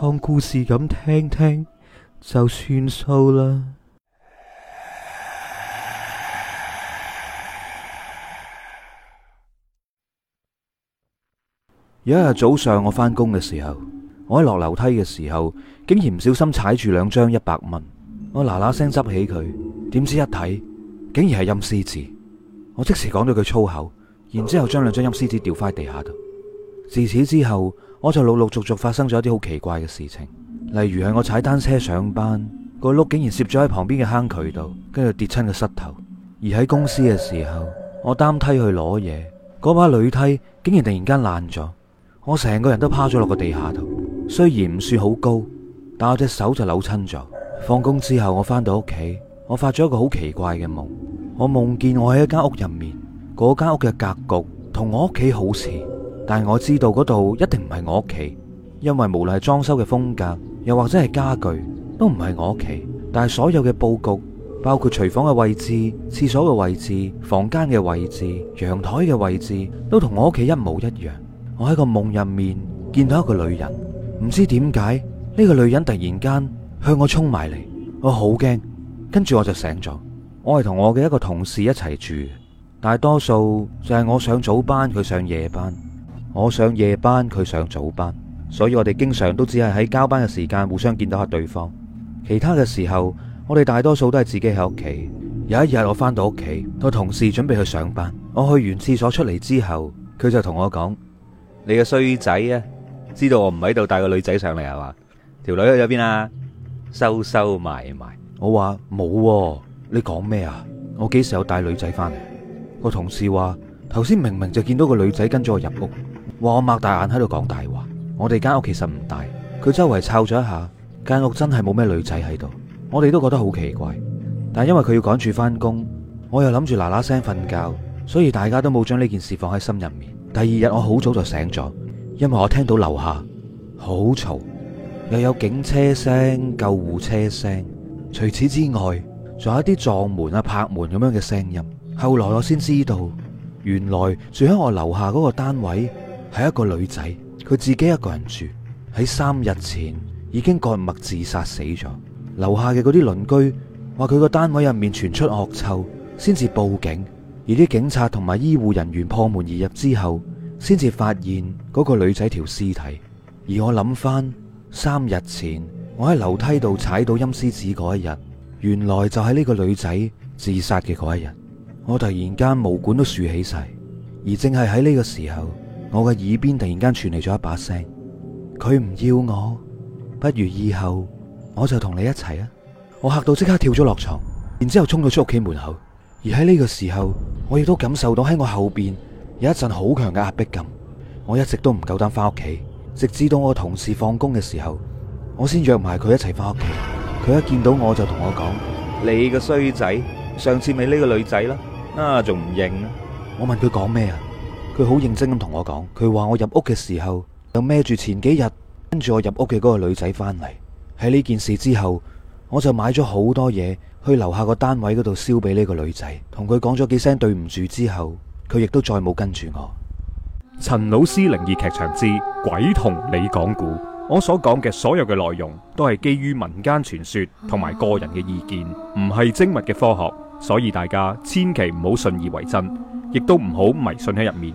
當故事咁聽聽就算數啦。有一日早上，我翻工嘅時候，我喺落樓梯嘅時候，竟然唔小心踩住兩張一百蚊，我嗱嗱聲執起佢，點知一睇，竟然係陰司紙，我即時講咗句粗口，然之後將兩張陰司紙掉翻地下度。自此之後。我就陸陸續續發生咗一啲好奇怪嘅事情，例如係我踩單車上班，個轆竟然攝咗喺旁邊嘅坑渠度，跟住跌親個膝頭；而喺公司嘅時候，我擔梯去攞嘢，嗰把鋁梯竟然突然間爛咗，我成個人都趴咗落個地下度。雖然唔算好高，但我隻手就扭親咗。放工之後我，我翻到屋企，我發咗一個好奇怪嘅夢，我夢見我喺一間屋入面，嗰間屋嘅格局同我屋企好似。但係我知道嗰度一定唔係我屋企，因為無論係裝修嘅風格，又或者係家具，都唔係我屋企。但係所有嘅布局，包括廚房嘅位置、廁所嘅位置、房間嘅位置、陽台嘅位置，都同我屋企一模一樣。我喺個夢入面見到一個女人，唔知點解，呢個女人突然間向我衝埋嚟，我好驚，跟住我就醒咗。我係同我嘅一個同事一齊住，大多數就係我上早班，佢上夜班。我上夜班，佢上早班，所以我哋經常都只係喺交班嘅時間互相見到下對方。其他嘅時候，我哋大多數都係自己喺屋企。有一日我翻到屋企，個同事準備去上班，我去完廁所出嚟之後，佢就同我講：你個衰仔啊，知道我唔喺度帶個女仔上嚟係嘛？條女喺咗邊啊？收收埋埋、哦。我話冇，你講咩啊？我幾時有帶女仔翻嚟？個同事話：頭先明明就見到個女仔跟咗我入屋。話我擘大眼喺度講大話，我哋間屋其實唔大，佢周圍抄咗一下，間屋真係冇咩女仔喺度，我哋都覺得好奇怪。但因為佢要趕住翻工，我又諗住嗱嗱聲瞓覺，所以大家都冇將呢件事放喺心入面。第二日我好早就醒咗，因為我聽到樓下好嘈，又有警車聲、救護車聲，除此之外，仲有一啲撞門啊、拍門咁樣嘅聲音。後來我先知道，原來住喺我樓下嗰個單位。係一個女仔，佢自己一個人住。喺三日前已經割脈自殺死咗。樓下嘅嗰啲鄰居話佢個單位入面傳出惡臭，先至報警。而啲警察同埋醫護人員破門而入之後，先至發現嗰個女仔條屍體。而我諗翻三日前我喺樓梯度踩到陰司紙嗰一日，原來就係呢個女仔自殺嘅嗰一日。我突然間毛管都豎起晒，而正係喺呢個時候。我嘅耳邊突然間傳嚟咗一把聲，佢唔要我，不如以後我就同你一齊啊！我吓到即刻跳咗落床，然之後衝到出屋企門口。而喺呢個時候，我亦都感受到喺我後邊有一陣好強嘅壓迫感。我一直都唔夠膽翻屋企，直至到我同事放工嘅時候，我先約埋佢一齊翻屋企。佢一見到我就同我講：你個衰仔，上次咪呢個女仔啦，啊仲唔認啊？我問佢講咩啊？佢好認真咁同我講，佢話我入屋嘅時候就孭住前幾日跟住我入屋嘅嗰個女仔翻嚟。喺呢件事之後，我就買咗好多嘢去樓下個單位嗰度燒俾呢個女仔，同佢講咗幾聲對唔住之後，佢亦都再冇跟住我。陳老師靈異劇場之「鬼同你講故」，我所講嘅所有嘅內容都係基於民間傳說同埋個人嘅意見，唔係精密嘅科學，所以大家千祈唔好信以為真，亦都唔好迷信喺入面。